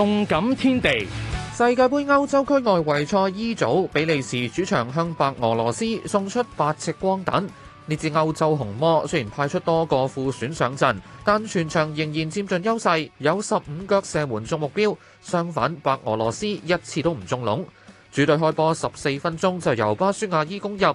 動感天地。世界盃歐洲區外圍賽 E 組，比利時主場向白俄羅斯送出八隻光蛋。呢次歐洲紅魔雖然派出多個副選上陣，但全場仍然佔盡優勢，有十五腳射門中目標。相反，白俄羅斯一次都唔中籠。主隊開波十四分鐘就由巴舒亞伊攻入。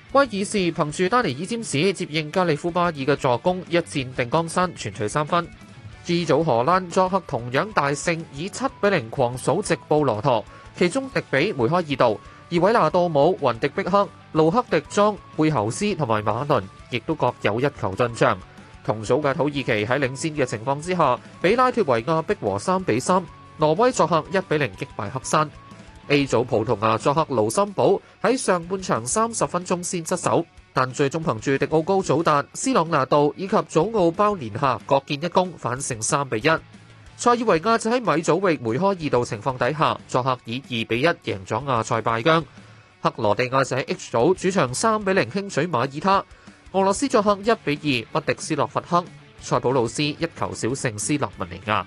威爾士憑住丹尼爾占士接應加利夫巴爾嘅助攻一戰定江山，全取三分。G 組荷蘭作客同樣大勝，以七比零狂數直布羅陀，其中迪比梅開二度，而維納道姆、雲迪碧克、盧克迪莊、貝侯斯同埋馬倫，亦都各有一球進賬。同組嘅土耳其喺領先嘅情況之下，比拉脱維亞逼和三比三。挪威作客一比零擊敗黑山。A 組葡萄牙作客盧森堡，喺上半場三十分鐘先失手，但最終憑住迪奧高、祖達、C 朗拿度以及祖奧包連下各建一功，反勝三比一。塞爾維亞就喺米祖域梅開二度情況底下，作客以二比一贏咗亞塞拜疆。克羅地亞就喺 H 組主場三比零輕取馬耳他，俄羅斯作客一比二不敵斯洛伐克，塞浦路斯一球小勝斯洛文尼亞。